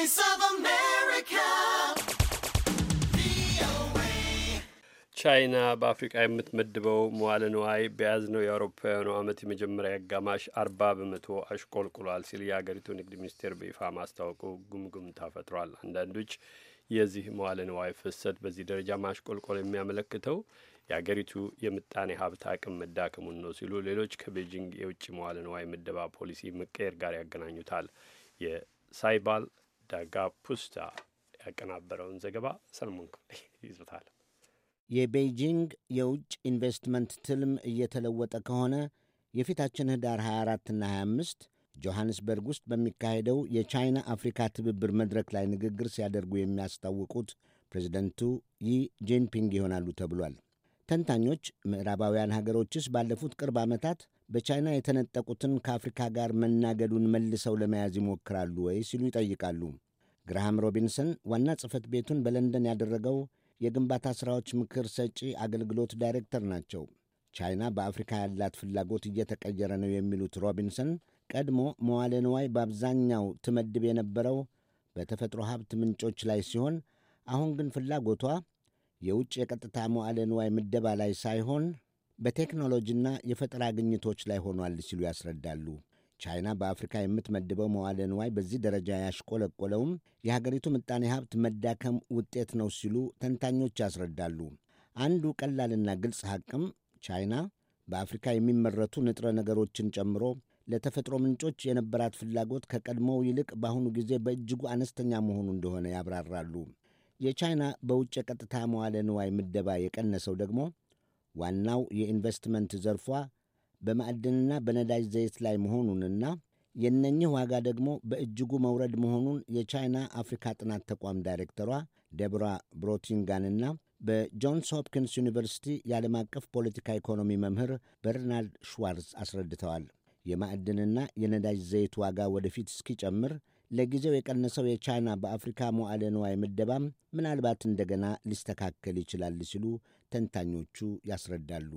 Voice of America. ቻይና በአፍሪቃ የምትመድበው መዋለ ንዋይ በያዝነው የአውሮፓውያኑ ዓመት የመጀመሪያ አጋማሽ አርባ በመቶ አሽቆልቁሏል ሲል የአገሪቱ ንግድ ሚኒስቴር በይፋ ማስታወቁ ጉምጉምታ ፈጥሯል። አንዳንዶች የዚህ መዋለ ንዋይ ፍሰት በዚህ ደረጃ ማሽቆልቆል የሚያመለክተው የአገሪቱ የምጣኔ ሀብት አቅም መዳከሙን ነው ሲሉ ሌሎች ከቤጂንግ የውጭ መዋለ ንዋይ ምደባ ፖሊሲ መቀየር ጋር ያገናኙታል። የሳይባል ፑስታ ያቀናበረውን ዘገባ ሰለሞን ክፍሌ ይዞታል። የቤይጂንግ የውጭ ኢንቨስትመንት ትልም እየተለወጠ ከሆነ የፊታችን ህዳር 24ና 25 ጆሐንስበርግ ውስጥ በሚካሄደው የቻይና አፍሪካ ትብብር መድረክ ላይ ንግግር ሲያደርጉ የሚያስታውቁት ፕሬዚደንቱ ይ ጂንፒንግ ይሆናሉ ተብሏል። ተንታኞች ምዕራባውያን ሀገሮችስ ባለፉት ቅርብ ዓመታት በቻይና የተነጠቁትን ከአፍሪካ ጋር መናገዱን መልሰው ለመያዝ ይሞክራሉ ወይ ሲሉ ይጠይቃሉ። ግርሃም ሮቢንሰን ዋና ጽሕፈት ቤቱን በለንደን ያደረገው የግንባታ ሥራዎች ምክር ሰጪ አገልግሎት ዳይሬክተር ናቸው። ቻይና በአፍሪካ ያላት ፍላጎት እየተቀየረ ነው የሚሉት ሮቢንሰን ቀድሞ መዋለ ንዋይ በአብዛኛው ትመድብ የነበረው በተፈጥሮ ሀብት ምንጮች ላይ ሲሆን አሁን ግን ፍላጎቷ የውጭ የቀጥታ መዋዕለ ንዋይ ምደባ ላይ ሳይሆን በቴክኖሎጂና የፈጠራ ግኝቶች ላይ ሆኗል ሲሉ ያስረዳሉ። ቻይና በአፍሪካ የምትመድበው መዋዕለ ንዋይ በዚህ ደረጃ ያሽቆለቆለውም የሀገሪቱ ምጣኔ ሀብት መዳከም ውጤት ነው ሲሉ ተንታኞች ያስረዳሉ። አንዱ ቀላልና ግልጽ ሐቅም ቻይና በአፍሪካ የሚመረቱ ንጥረ ነገሮችን ጨምሮ ለተፈጥሮ ምንጮች የነበራት ፍላጎት ከቀድሞው ይልቅ በአሁኑ ጊዜ በእጅጉ አነስተኛ መሆኑ እንደሆነ ያብራራሉ። የቻይና በውጭ ቀጥታ መዋለ ንዋይ ምደባ የቀነሰው ደግሞ ዋናው የኢንቨስትመንት ዘርፏ በማዕድንና በነዳጅ ዘይት ላይ መሆኑንና የእነኚህ ዋጋ ደግሞ በእጅጉ መውረድ መሆኑን የቻይና አፍሪካ ጥናት ተቋም ዳይሬክተሯ ደብራ ብሮቲንጋንና በጆንስ ሆፕኪንስ ዩኒቨርሲቲ የዓለም አቀፍ ፖለቲካ ኢኮኖሚ መምህር በርናርድ ሽዋርዝ አስረድተዋል። የማዕድንና የነዳጅ ዘይት ዋጋ ወደፊት እስኪጨምር ለጊዜው የቀነሰው የቻይና በአፍሪካ መዋለ ንዋይ ምደባም ምናልባት እንደገና ሊስተካከል ይችላል ሲሉ ተንታኞቹ ያስረዳሉ።